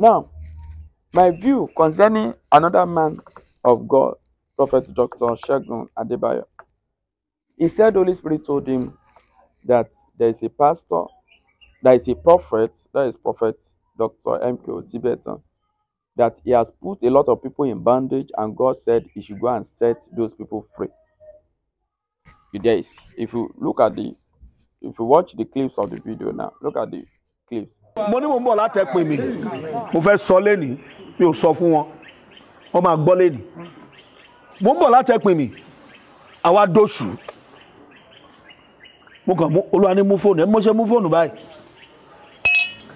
Now, my view concerning another man of God, Prophet Dr. Shagun Adebayo, he said Holy Spirit told him that there is a pastor, there is a prophet, that is Prophet Dr. M.K. Tibetan, that he has put a lot of people in bondage and God said he should go and set those people free. guys, if you look at the, if you watch the clips of the video now, look at the clips. mo ní mò ń bọ̀ látẹ̀ pè mí mo fẹ́ sọ lẹ́nìí mi ò sọ fún wọn wọ́n máa gbọ́ lẹ́nìí mo ń bọ̀ látẹ̀ pè mí àwa dóṣù mo kàn mú olúwa ní mú fóònù ẹ mo ṣe mú fóònù báyìí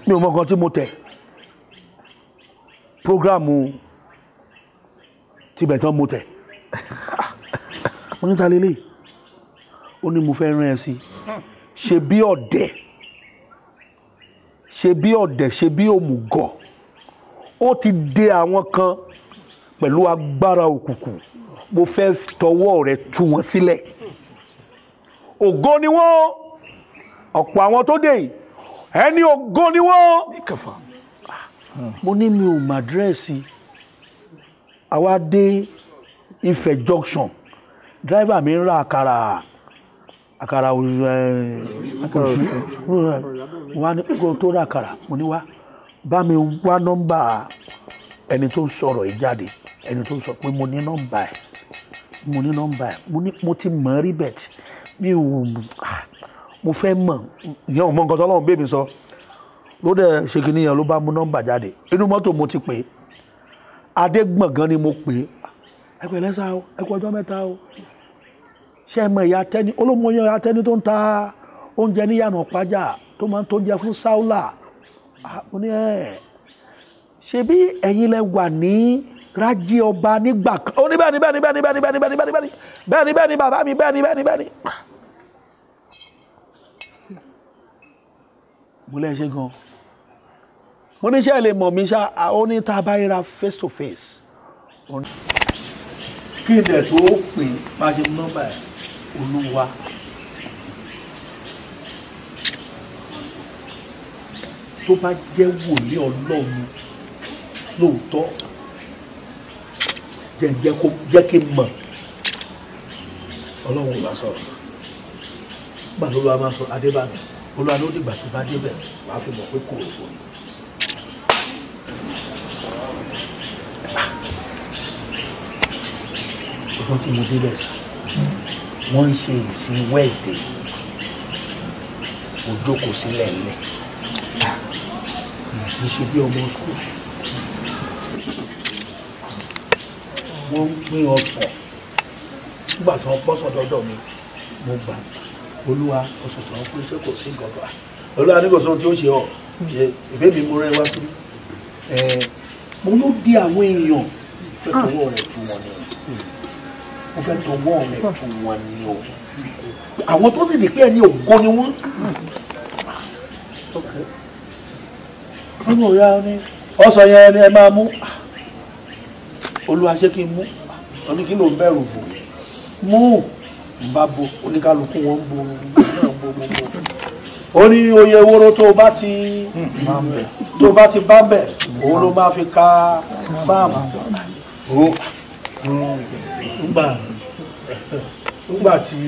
mi ò mọ nǹkan tí mo tẹ̀ programu tibẹ̀ tán mo tẹ̀ mo níta lélẹ̀ ó ní mo fẹ́ rán ẹ sí ṣe bí ọ̀dẹ̀ ṣe bí ọ̀dẹ̀ ṣe bí òmùgọ̀ ó ti dè àwọn kan pẹ̀lú agbára òkùnkùn mo fẹ́ tọwọ́ rẹ tú wọn sílẹ̀ ògo ni wọ́n ọ̀pọ̀ àwọn tó dé yìí ẹni ògo ni wọ́n. mo ní mi ò mà dírẹ́sì àwa dé Ifẹ̀ junction dírẹ́fà mi ń ra àkàrà àkàrà eh, òṣù wọ́n á ní kó tó ra àkàrà mo ní wá bá mi wá nọ́mbà ẹni tó ń sọ̀rọ̀ yìí jáde ẹni tó ń sọ pé mo ní nọ́mbà ẹ̀ mo ní nọ́mbà ẹ̀ mo ní mo ti mọ̀ rí bẹ́ẹ̀ tí mi ò ah, mo fẹ́ mọ̀ ìyẹn ò mọ nǹkan tó lọ́wọ́ bèbè sọ ló dẹ̀ ṣe kí nìyẹn ló bá mú nọ́mbà jáde inú mọ́tò mo ti pè é adégbọ̀ngàn ni mo pè é ẹ pẹ̀lẹ́ sá o ẹ kú ọjọ́ mẹ́ta o ṣé ẹ mọ ìyá tẹ́ni olómọ ìyá tẹ́ni tó ń ta oúnjẹ níyànà pàjá tó máa ń tó jẹ fún sáúlà mo ní ẹ ṣebí ẹ̀yin lẹ wà ní rájí ọba nígbà kan ó ní bẹ́ẹ̀ ni bẹ́ẹ̀ ni bẹ́ẹ̀ ni bẹ́ẹ̀ ni bẹ́ẹ̀ ni bẹ́ẹ̀ ni bẹ́ẹ̀ ni bẹ́ẹ̀ ni bẹ́ẹ̀ ni bàbá mi bẹ́ẹ̀ ni bẹ́ẹ̀ ni bẹ́ẹ̀ ni. mo lẹ́ ṣe gan mo ní iṣẹ́ lè mọ̀ mí ṣá ó ní tá a bá ríra face to face. kí n dẹ̀ tó pè bá ṣe nọ́mbà ẹ̀ olúwa. tó bá jẹ́ wòlíì ọlọ́run lóòótọ́ jẹ́ kí n mọ̀ ọlọ́run bá sọ̀rọ̀ gbà ló wá máa sọ adébáyọ̀ olúwa ló dìgbà tó bá débẹ̀ wàá fi mọ̀ pé kò rò fún mi. ọjọ́ tí mo débẹ̀ sá wọ́n ń ṣe ìsìn Wednesday mo sílẹ̀ nílẹ̀ kì í ṣe bí ọmọ skul wọ́n ń pín ọsàn nígbà tí wọ́n bọ́ sọ̀dọ̀dọ̀ mi mo gbà olúwa ọsàn tí wọ́n pín ṣé kò sí nǹkan kan olúwa ní kò sóhun tí ó ṣe ọ ìbé mi mo rẹ wá sí mo ló di àwọn èèyàn fẹ́ tọwọ́ rẹ̀ tu wọn ni mo fẹ́ tọwọ́ rẹ̀ tu wọn ni o àwọn tó sì dé pé ẹni ògo ni wọ́n. nígbà òyà ni ọsàn yẹn ni ẹ máa mú olúwa ṣé kí n mú oní kí ló ń bẹ̀rù fò mú n bá bo oníkálukú wọn bo náà bo bo bo ó ní oyè ewúro tó bá ti tó bá ti bá bẹ̀ òun ló máa fi ka sáàmù ó ngbà ngbà tí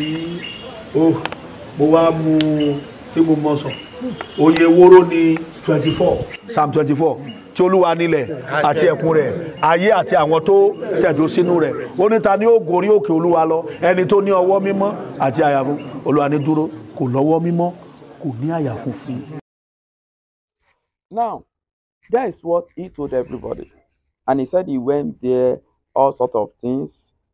ó mo wá mú tí mo mọ̀ sọ oyè ewúro ni. 24 psalm 24. four tí olúwa nílẹ̀ àti ẹ̀kún rẹ̀ ayé àti àwọn tó tẹ̀dó sínú rẹ̀ ó ní ta ni ó gorí òkè olúwa lọ ẹni tó ní ọwọ́ mímọ́ àti àyà olúwa ní dúró kò lọ́wọ́ mímọ́ kò ní àyà funfun. now that is what he told everybody and he said he went there all sort of things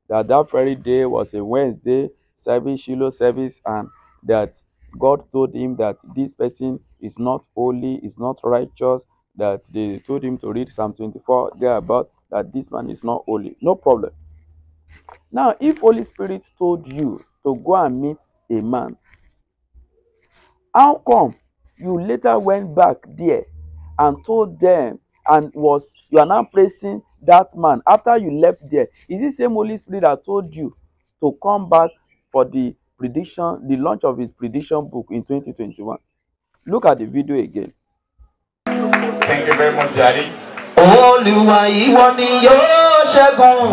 that that very day was a Wednesday service Shiloh service and that God told him that this person is not holy, is not righteous, that they told him to read Psalm 24 there about that this man is not holy. No problem. Now, if Holy Spirit told you to go and meet a man, how come you later went back there and told them and was you are now praising that man after you left there? Is it same Holy Spirit that told you to come back for the prediction, the launch of his prediction book in 2021. Look at the video again. Thank you very much, Daddy. Olúwa ìwọ ni yóò ṣẹ́gun.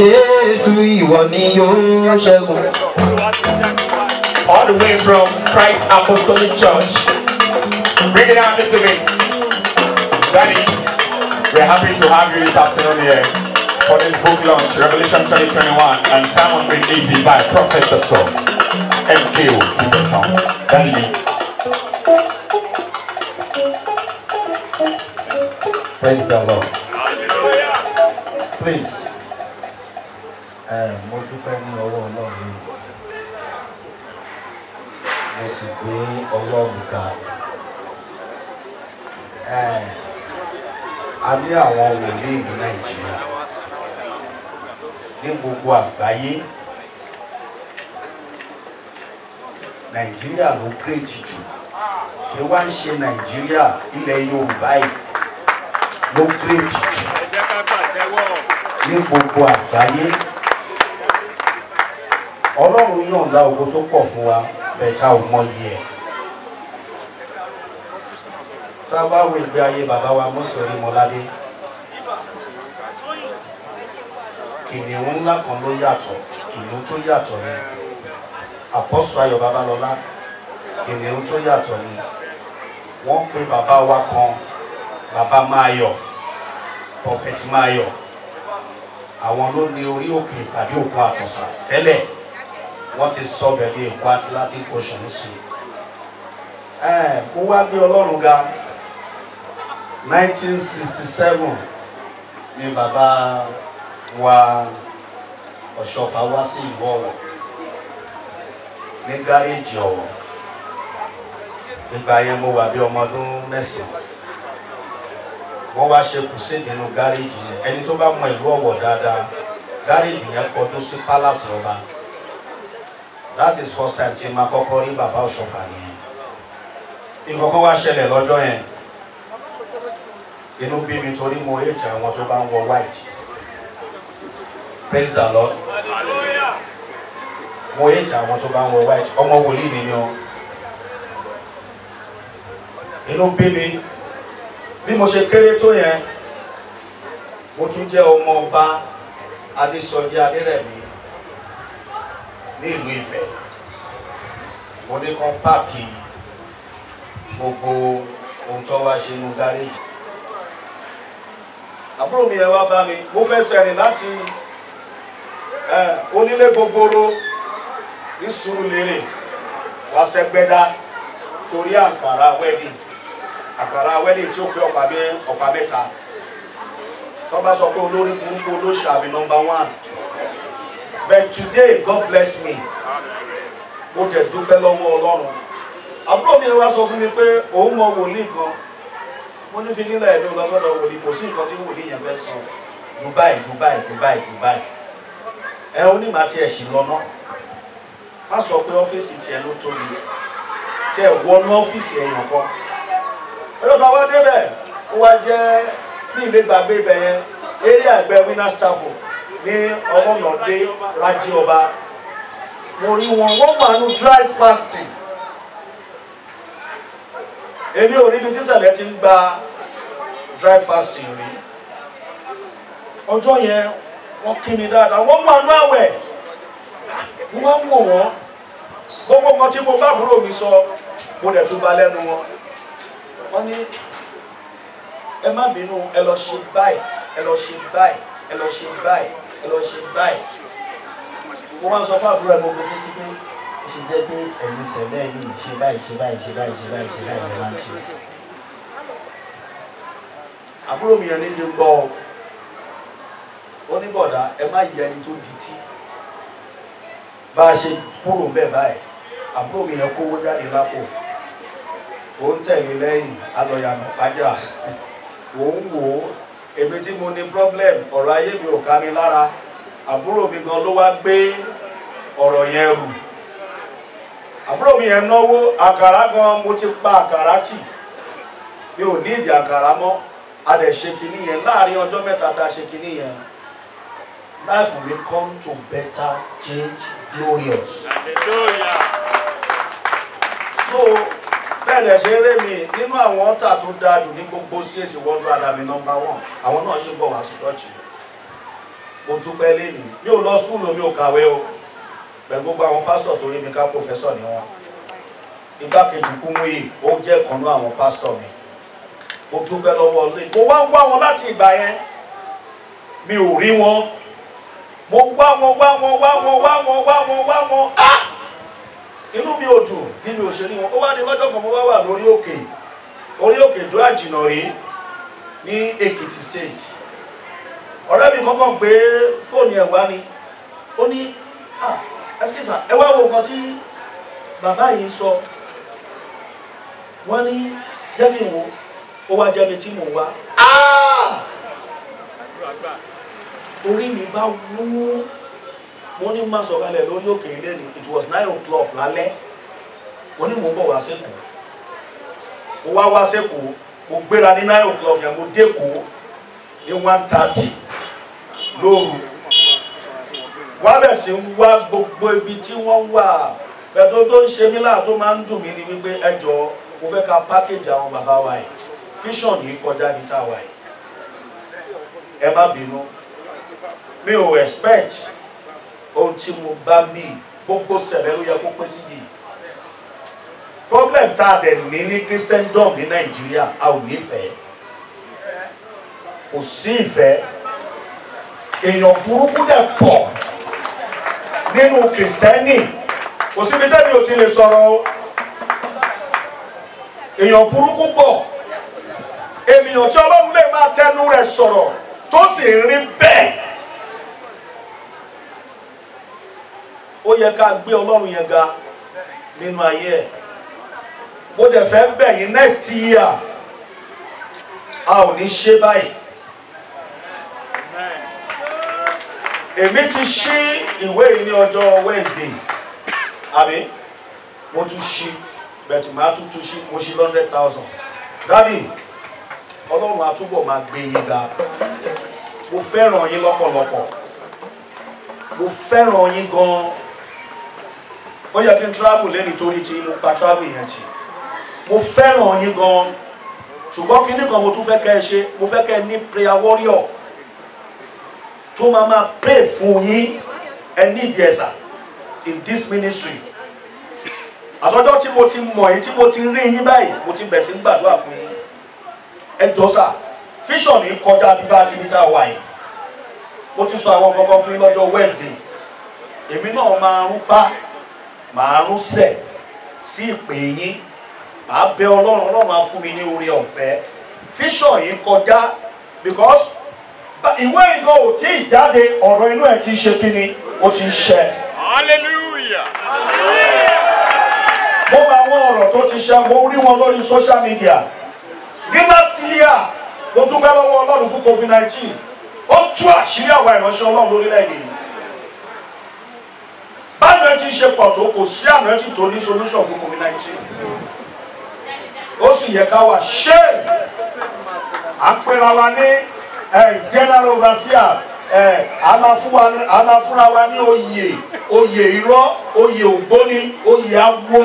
Jésù ìwọ ni yóò ṣẹ́gun. All the way from Christ Apostolic Church. Bring it out a little bit. Daddy, we're happy to have you this afternoon here for this book launch, Revelation 2021, and Simon Made Easy by Prophet Dr. MKO Tibetan. Thank you. Praise the Lord. Please. Um, mo dúpẹ́ ní ọwọ́ Ọlọ́run ní mo sì gbé Ọlọ́run ga. Um, a ní àwọn wòlíì ní Nàìjíríà ní gbogbo àgbáyé nàìjíríà ló kírètì jù kí wá ń ṣe nàìjíríà ilẹ̀ yorùbá yìí ló kírètì jù ní gbogbo àgbáyé ọlọ́run yọ̀ǹda ògo tó pọ̀ fún wa bẹ̀ta ò mọyì ẹ̀ tá a bá wo ìgbé ayé bàbá wa mọ́sọ̀rí mọ́ládé. kìnìún ńlá kan ló yàtọ̀ kìnìún tó yàtọ̀ ni àpọ́sù ayọ̀ babalọ́lá kìnìún tó yàtọ̀ ni wọ́n pe bàbá wa kan bàbá máa prophet máa àwọn ló ní orí òkè ìpàdé òkun àtọ̀sà tẹ́lẹ̀ wọ́n ti sọ bẹ̀rẹ̀ èkó atlantic ocean sí i ó wá gbé ọlọ́run ga 1967 ni bàbá wa ọ̀ṣọ́fà wá sí ìlú ọ̀wọ̀ ní gáréèjì ọ̀wọ̀ ìgbà yẹn mo wà bí ọmọ ọdún mẹ́sàn-án wọ́n wá ṣe kùsẹ́ẹ̀dì nínú gáréèjì yẹn ẹni tó bá mọ ìlú ọ̀wọ̀ dáadáa gáréèjì yẹn kọjú sí pálásì ọba that is first time tí ma kọ́kọ́ rí bàbá ọ̀ṣọ́fà nìyẹn nǹkan kan wá ṣẹlẹ̀ lọ́jọ́ yẹn inú bí mi torí mo èjì àwọn tó bá ń wọ white praise the lord mo yẹ ti àwọn tó bá ń wọ white ọmọ wòlíì mi o inú bí mi bí mo ṣe kéré tó yẹn mo tún jẹ́ ọmọ ọba adésọjí adérẹ̀mí ní ìlú Ifẹ̀ mo ní kan páàkì gbogbo ohun tó wá ṣe inú gáréjì àbúrò mi yẹn wá bá mi mo fẹ́ sẹ́rìn láti. onílé gbogbooro ní Sùúrùlérè wá sẹ́gbẹ́dá torí àkàrà wẹ́ẹ̀dì àkàrà wẹ́ẹ̀dì tí ó pé ọ̀pá mẹ́ta tó bá sọ pé olórí burúkú nọmba one but today God bless me mo dẹ̀ dúpẹ́ lọ́wọ́ Ọlọ́run àbúrò mi wá sọ fún mi pé òun mọ wòlíì kan mo ní fi nílẹ̀ ẹ̀dùn lọ́sọ̀dọ̀ wòlíì kò sí nǹkan tí wòlíì yẹn fẹ́ sọ Dubai Dubai Dubai Dubai. ẹ onímọ̀ tí ẹ sì lọ ná má sọ pé ọ́fíìsì tiẹ̀ ló tóbi tí ẹ wọnú ọ́fíìsì ẹ̀yàn kan ọjọ́ kan wá débẹ̀ ó wá jẹ́ ní ilé gbàgbé ibẹ̀ yẹn eré àgbẹ̀ winners chapel ní ọgọ́nàdé rájí ọba mo rí wọn wọ́n wà nù dry fasting èmi ò rí ibi tí sẹ̀lẹ̀ ti ń gba dry fasting rí ọjọ́ yẹn wọ́n kí mi dáadáa wọ́n mú àánú àwẹ̀ mo máa ń wò wọ́n gbogbo nǹkan tí mo bá àbúrò mi sọ mo dẹ̀ tún ba lẹ́nu wọn wọ́n ní ẹ má bínú ẹ lọ ṣe báyìí ẹ lọ ṣe báyìí ẹ lọ ṣe báyìí ẹ lọ ṣe báyìí mo máa ń sọ fún àbúrò ẹ gbogbo sétí pé ó ṣe jẹ́ pé ẹ̀yin sẹ̀lẹ̀ yìí ṣe báyìí ṣe báyìí ṣe báyìí ṣe báyìí ṣe báyìí ló máa ń ṣe àbúrò mi yẹn ní ṣe gbọ́ ọ ó ní bọ̀dá ẹ má yẹ ẹni tó di tí bá a ṣe kúrò ń bẹ̀ báyìí àbúrò mi yẹn kówó jáde lápò ó ń tẹ̀lé lẹ́yìn alọ̀yàmọ̀ pàjá ó ń wò ó èmi tí mo ní problem ọ̀rọ̀ ayé mi ò ká mi lára àbúrò mi gan ló wá gbé ọ̀rọ̀ yẹn rù àbúrò mi yẹn náwó àkàrà gan mo ti pa àkàrà tì mi ò ní ìdí àkàrà mọ́ a dẹ̀ ṣe kinní yẹn láàrin ọjọ́ mẹ́ta tá a ṣe kinní yẹn life will come to better change glorious. so bẹ́ẹ̀ lẹ ṣe eré mi nínú àwọn ọ̀tà tó dáa jù ní gbogbo CAC World Brother mi nọmba one àwọn náà ṣe ń bọ̀ wá sí chọ́ọ̀chì mo dúpẹ́ lẹ́nu mi ò lọ skúlù mi ò kàwé o pẹ̀lú gbogbo àwọn pásítọ̀ tó yé mi ká pòfẹ́sọ̀ ni wọn igbákejì Kúmúyì ó jẹ́ kan náà àwọn pásítọ̀ mi mo dúpẹ́ lọ́wọ́ lẹ́nu mo wá ń wá wọn láti ìgbà yẹn mi ò rí wọn mo wá wọn wá wọn wá wọn wá wọn wá wọn wá wọn á ah! inú mi ò dùn nínú òṣèré wọn ó wá ní lọ́jọ́ kan mo wá wà lórí òkè orí òkè ìdó àjìnà rí ní Èkìtì state ọ̀rẹ́ mi kọ́kọ́ gbé fóònù ẹ̀ wá mi ó ní ẹsikẹ́sà ah, ẹ wá wo nǹkan tí bàbá yìí sọ wọ́n ní jẹ́mi wo ó wá jẹ́mi tí mò ń wá. Ah! orí mi bá wú mo ní má sọ̀kalẹ̀ lórí òkè ilé ni it was nine o'clock lálẹ́ mo ní mò ń bọ̀ wá sẹ́kọ̀ọ́ mo wá wá sẹ́kọ̀ọ́ mo gbéra ní nine o'clock yẹn mo dẹ́kọ̀ọ́ ní one thirty lóru wá bẹ̀ sí ń wá gbogbo ibi tí wọ́n wà pẹ̀lú tó ń ṣe mí láà tó máa ń dùn mí ni wípé ẹ jọ mo fẹ́ ka pákéjì àwọn bàbá wa yìí fíṣàn yìí kọjá ibi tá yìí ẹ má bínú mi ò expect ohun tí mo bá mi gbogbo sẹ̀lẹ̀ ló yẹ kó pé síbi problem tá a dẹ̀ ní ní christendom ní nàìjíríà a ò nífẹ̀ẹ́ kò sí ìfẹ́ èèyàn burúkú dẹ̀ pọ̀ nínú kristẹni kò síbi tẹ́mi ò ti lè sọ̀rọ̀ o èèyàn burúkú pọ̀ ènìyàn tí ọlọ́run lè máa tẹnu rẹ̀ sọ̀rọ̀ tó sì rí bẹ́ẹ̀. ó yẹ ká gbé ọlọ́run yẹn ga nínú ayé ẹ̀ mo dẹ̀ fẹ́ bẹ̀ yín next year a ò ní ṣe báyìí èmi ti ṣí ìwé yìí ní ọjọ́ Wednesday àbí mo tún ṣí bẹ̀tù máa tún tún ṣí mo ṣí hundred thousand dábì ọlọ́run àtúbọ̀ máa gbé yín ga mo fẹ́ràn yín lọ́pọ̀lọpọ̀ mo fẹ́ràn yín gan-an ó yẹ kí n travel lẹ́nu torí tí mo pa travel yẹn jì mo fẹ́ràn yín gan ṣùgbọ́n kí nìkan mo tún fẹ́ kẹ́ ẹ ṣe mo fẹ́ kẹ́ ẹ ní prayer warrior tó máa máa pray fún yín ẹ nídìí ẹ̀sà in this ministry àtọ́jọ́ tí mo ti mọ̀ yín tí mo ti rí yín báyìí mo ti bẹ̀ sí ń gbàdúrà fún yín ẹ jọ sà fíṣàn yìí kọjá bíbá níbi tá a wà yìí mo ti sọ àwọn kankan fún yín lọ́jọ́ Wednesday èmi náà máa ń pa màá ń sẹ̀ sí ìpè yín màá bẹ ọlọ́run ọlọ́run á fún mi ní oore ọ̀fẹ́ fíṣọ̀ yìí kọjá because ìwé ìgò ò tí ì jáde ọ̀rọ̀ inú ẹ̀ ti ṣe kíni ó ti ṣẹ. hallelujah. mo bá àwọn ọ̀rọ̀ tó ti ṣe mo rí wọn lórí social media ní mo dúpẹ́ lọ́wọ́ ọlọ́run fún covid nineteen ó tú àṣírí àwọn ìránṣẹ́ ọlọ́run lórílẹ̀‐èdè yìí báyọ̀ ti ṣe pọ̀ tó kò sí ànájú tó ní solution fún covid nineteen ó sì yẹ ká wà ṣé à ń pera wa ní general overseer a máa fúnra wa ní oyè oyè irọ́ oyè ògbóni oyè awo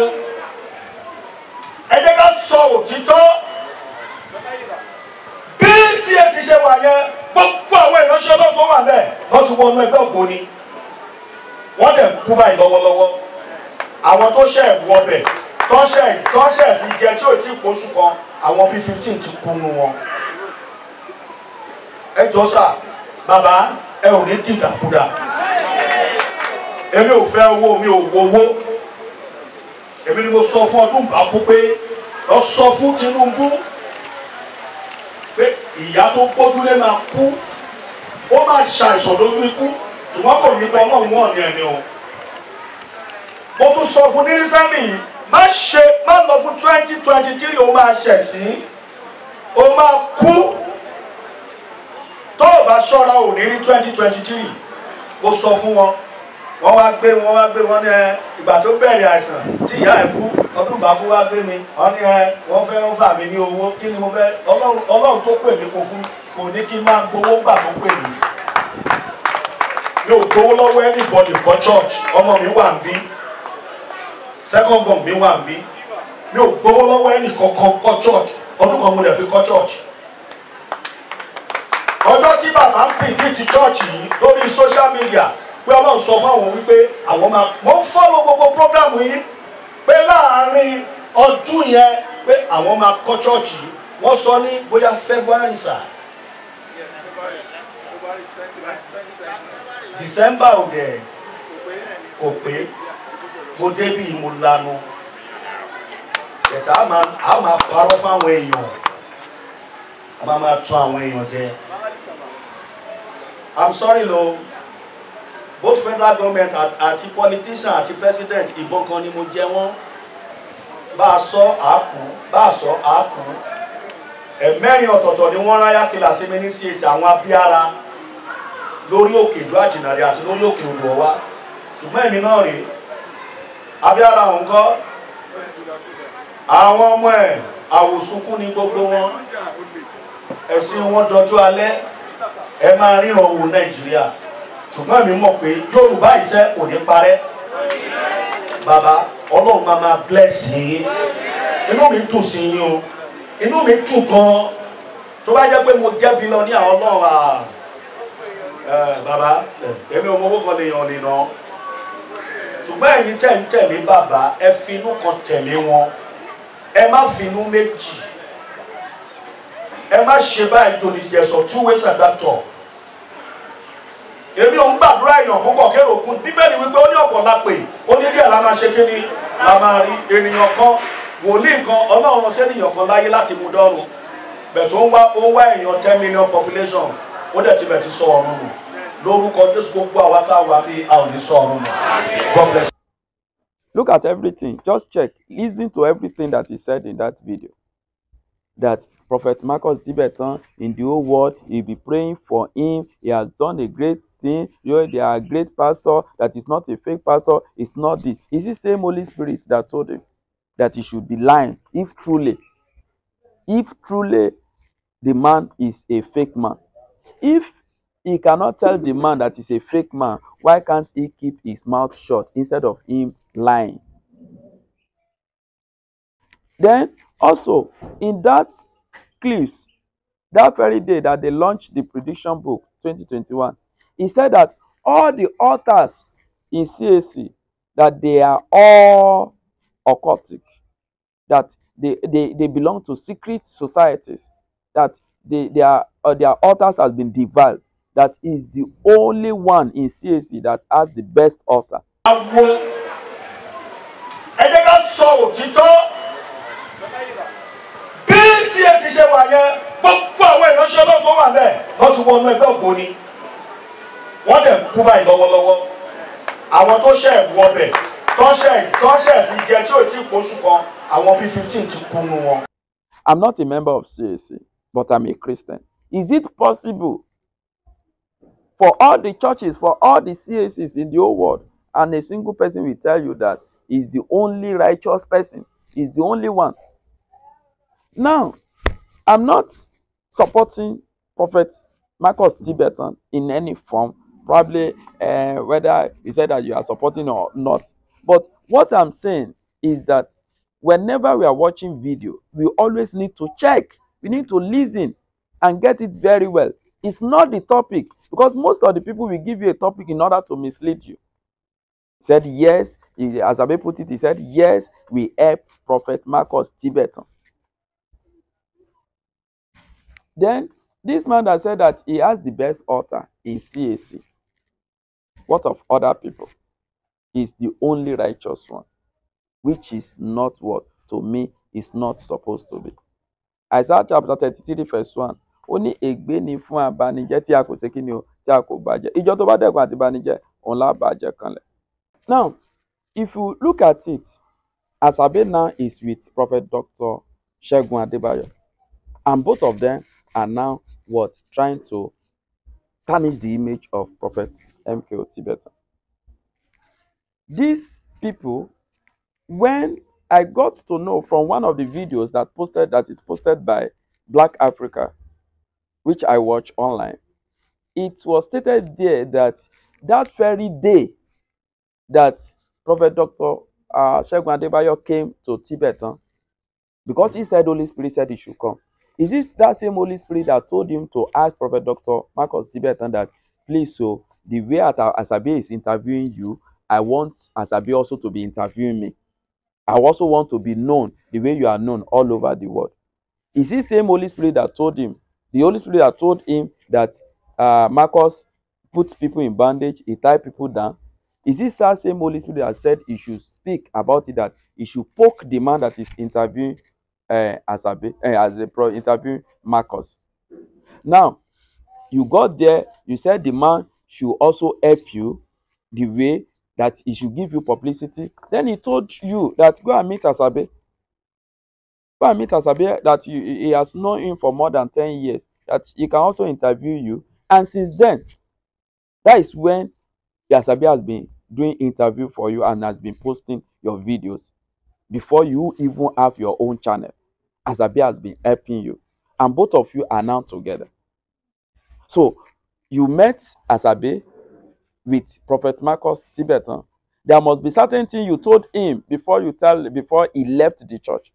ẹ jẹ́ ká sọ òtítọ́ bí CAC ṣe wà yẹn gbogbo àwọn ìránṣẹ́ náà tó wà bẹ́ẹ̀ wọ́n ti wọnú ẹgbẹ́ ògbóni wọ́n dẹ̀ kú báyìí lọ́wọ́lọ́wọ́ àwọn tó ṣẹ̀ wọbẹ̀ tọ́ṣẹ̀ tọ́ṣẹ̀ ti jẹ tí ò tí kó oṣù kan àwọn bíi fifteen ti kú nu wọn. ẹ jọ sà bàbá ẹ ò ní dìdàkudà èmi ò fẹ́ owó mi ò wowó èmi ni mo sọ fún ọdún bàkú pé lọ sọ fún Tinubu pé ìyá tó gbójúlé máa kú ó máa ṣàìsàn lójú ikú ṣùgbọ́n kò ní bọ́ ọlọ́run wọ̀n ní ẹni o mo tún sọ fún nírísẹ́mì yìí má ṣe má lọ fún twenty twenty three o máa ṣẹ̀ sí o máa kú tó o bá ṣọ́ra ò ní rí twenty twenty three mo sọ fún wọn wọ́n wá gbé wọ́n wá gbé wọ́n ní ẹ ìgbà tó bẹ̀rẹ̀ àìsàn tí ìyá ẹ̀ kú ọdún bàbá wá gbé mi wọ́n ní ẹ wọ́n fẹ́ fà mí ní owó kí ni mo fẹ́ ọlọ́run tó pè mí kò fún kò ní kí n máa gbowó gbà tó pè mí mi ò gbowó lọ́wọ́ anybody kọ́ church ọmọ mi wà ń bí second born mi wà ń bí mi ò gbowó lọ́wọ́ ẹnì kankan kọ́ church ọdún kan mo lè fi kọ́ church. ọjọ́ tí bàbá ń pìdí ti church yìí lórí social media pé ọlọ́run sọ fáwọn wípé àwọn máa mo ń fọ́lọ́ gbogbo program yìí pé láàárín ọdún yẹn pé àwọn máa kọ́ church yìí wọ́n sọ ní bóyá February sáà december ò dẹ̀ kò pé mo débì mo lanu ẹ̀tà á máa parọ́ fáwọn èèyàn a máa máa tún àwọn èèyàn jẹ i'm sorry lo both federal government àti politician àti president ìbọn kan ni mo jẹ wọ́n bá a sọ àákú bá a sọ àákú ẹ̀mẹ́rin ọ̀tọ̀ọ̀tọ̀ ni wọ́n ráyà kí làṣẹ́mi ní csc àwọn abíára lórí òkè ìlú àjìnàrí àti lórí òkè òlù ọ̀wá ṣùgbọ́n èmi náà rèé abíára òun kọ́ àwọn ọmọ ẹ̀ àwòsùnkún ni gbogbo wọn ẹ̀sìn wọn dọjú alẹ́ ẹ máa ríran wo nàìjíríà ṣùgbọ́n èmi mọ̀ pé yorùbá iṣẹ́ kò ní parẹ́ bàbá ọlọ́run máa máa bless yín inú mi dùn sí yín o inú mi dùn gan tó bá jẹ́ pé mo jẹ́ lọ ní àwọn ọlọ́run àà. Baba, èmi ò mọ owó kan lèèyàn lè ná ṣùgbọ́n ẹ̀yin tẹ̀ ń tẹ̀lé bàbá ẹ finú kan tẹ̀lé wọn ẹ má finú méjì ẹ má ṣe báyìí jòlìjẹsọ two ways àgbàtọ̀ èmi ò ń gbàdúrà èèyàn púpọ̀ kérò kún bíbélì wípé ó ní ọ̀pọ̀ lápè ó ní díẹ̀ la máa ṣe kí ni la máa rí ènìyàn kan wòlíì kan ọlọ́run sẹ́nìyàn kan láyé láti mú dọ́rùn bẹ̀tù ó wá èèyàn ten million population ó dẹ̀ ti bẹ̀ ti sọ ọ̀run nù lórúkọ Jésù gbogbo àwa tá a wà ní a ò ní sọ God bless Look at everything just check listen to everything that he said in that video that Prophet Marcus Tibetan in the whole world he be praying for him he has done a great thing you know they are a great pastor that is not a fake pastor it's not the it's the same Holy Spirit that told him that he should be lying if truly if truly the man is a fake man if He cannot tell the man that he's a fake man. Why can't he keep his mouth shut instead of him lying? Then also in that clips that very day that they launched the prediction book 2021, he said that all the authors in CAC that they are all occultic, that they, they, they belong to secret societies, that they, they are, or uh, their authors has been developed that is the only one in CAC that has the best altar. Àwo ẹ sọ òtítọ́ bí CAC ṣe wà yẹn gbogbo àwọn ìránṣẹ́ ọlọ́run wà bẹ́ẹ̀ wọ́n ti wọnú ẹgbẹ́ ògbóni wọ́n dẹ̀ kú báyìí lọ́wọ́lọ́wọ́ àwọn tó ṣẹ̀ wọbẹ̀ tọ́ṣẹ̀ tọ́ṣẹ̀ fi jẹ tí ò tí kó oṣù kan àwọn bíi fifteen ti kú nu wọn. I'm not a member of CAC, but I'm a Christian. Is it possible for all the churches, for all the CACs in the whole world, and a single person will tell you that is the only righteous person, is the only one. Now, I'm not supporting Prophet Marcus Tibetan in any form, probably uh, whether he said that you are supporting or not. But what I'm saying is that whenever we are watching video, we always need to check, we need to listen and get it very well It's not the topic. Because most of the people will give you a topic in order to mislead you. He said, yes, as Abe put it, he said, yes, we help Prophet Marcus Tibetan. Then, this man that said that he has the best order in CAC. What of other people? Is the only righteous one, which is not what to me is not supposed to be. Isaiah chapter 33, verse 1. ó ní ègbé ni fún abanijẹ́ tí a kò ṣe kí ni o tí a kò bàjẹ́ ìjọ tó bá dẹ́kun àti banijẹ́ òun lá bàjẹ́ kanlẹ̀. now if you look at it Asabe now is with Prophet Dr. Segun Adebayo and both of them are now what trying to tarnish the image of Prophet MKO Tibetan. These people, when I got to know from one of the videos that posted that is posted by Black Africa which I watch online, it was stated there that that very day that Prophet Dr. Uh, Segun Adebayo came to Tibet, huh? because he said Holy Spirit said he should come. Is it that same Holy Spirit that told him to ask Prophet Dr. Marcus Tibetan that, please, so the way Asabi is interviewing you, I want Asabi also to be interviewing me. I also want to be known the way you are known all over the world. Is it same Holy Spirit that told him The Holy Spirit had told him that uh, Marcus put people in bondage, he tied people down. Is this that same Holy Spirit that said he should speak about it, that he should poke the man that is interviewing uh, as a uh, as a pro interviewing Marcus? Now, you got there, you said the man should also help you the way that he should give you publicity. Then he told you that go and meet Asabe. Fahmi Tasabeah that he, he has known him for more than 10 years, that he can also interview you. And since then, that is when Tasabeah has been doing interview for you and has been posting your videos before you even have your own channel. Tasabeah has been helping you. And both of you are now together. So, you met Tasabeah with Prophet Marcus Tibetan. There must be certain thing you told him before you tell before he left the church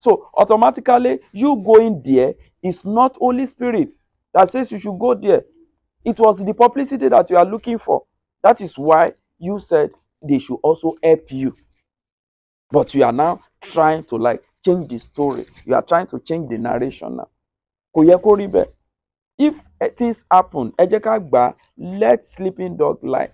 So automatically, you going there is not Holy Spirit that says you should go there. It was the publicity that you are looking for. That is why you said they should also help you. But you are now trying to like change the story. You are trying to change the narration now. Kò ribe. kó rí If things happen, ẹ jẹ́ let sleeping dog lie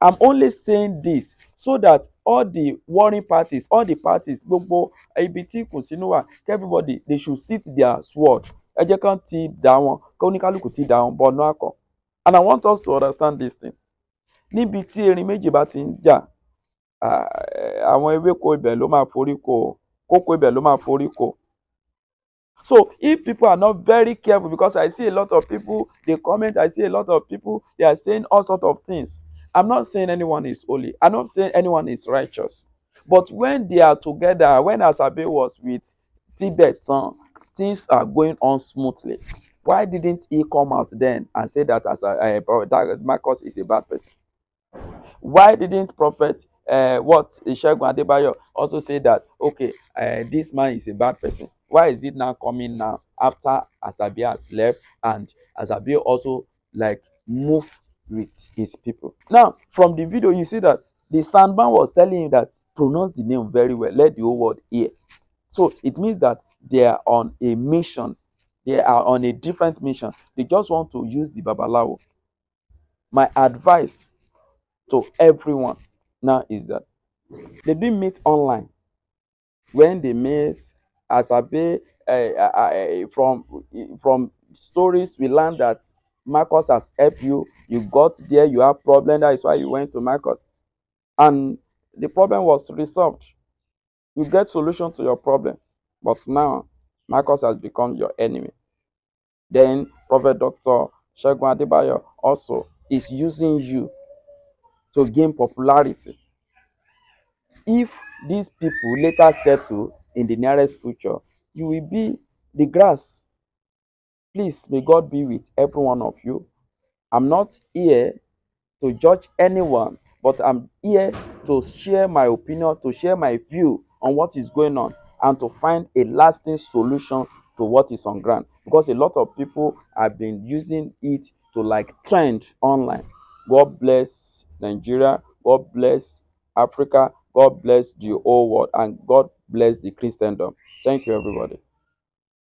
i'm only saying this so that all the warring parties all the parties gbogbo ibi tí kùn sínú wà everybody they should sit their sword ẹ jẹ́ kán ti dà wọn kó oníkálukú ti dà wọn bọ̀nú àkọ́ and i want us to understand this thing níbi tí erin méjì bá ti ń jà àwọn ewéko ibẹ̀ ló máa forí ko kókó ibẹ̀ ló máa forí ko so if people are not very careful because i see a lot of people dey comment i see a lot of people they are saying all sorts of things I'm not saying anyone is holy. I'm not saying anyone is righteous. But when they are together, when Asabe was with Tibetan, things are going on smoothly. Why didn't he come out then and say that as a, a prophet Marcus is a bad person? Why didn't prophet uh, what Ishegun Adebayo also say that okay uh, this man is a bad person? Why is it now coming now after Asabi has left and Asabi also like move with his people. Now, from the video, you see that the sandman was telling him that pronounce the name very well, let the whole world hear. So it means that they are on a mission. They are on a different mission. They just want to use the Babalawo. My advice to everyone now is that they didn't meet online. When they met, as a uh, uh, uh, from from stories we learn that Marcus has helped you. You got there, you have problem. That is why you went to Marcus. And the problem was resolved. You get solution to your problem. But now, Marcus has become your enemy. Then, Prophet Dr. Shegun Adebayo also is using you to gain popularity. If these people later settle in the nearest future, you will be the grass Please, may God be with every one of you. I'm not here to judge anyone, but I'm here to share my opinion, to share my view on what is going on, and to find a lasting solution to what is on ground. Because a lot of people have been using it to like trend online. God bless Nigeria. God bless Africa. God bless the whole world. And God bless the Christendom. Thank you, everybody.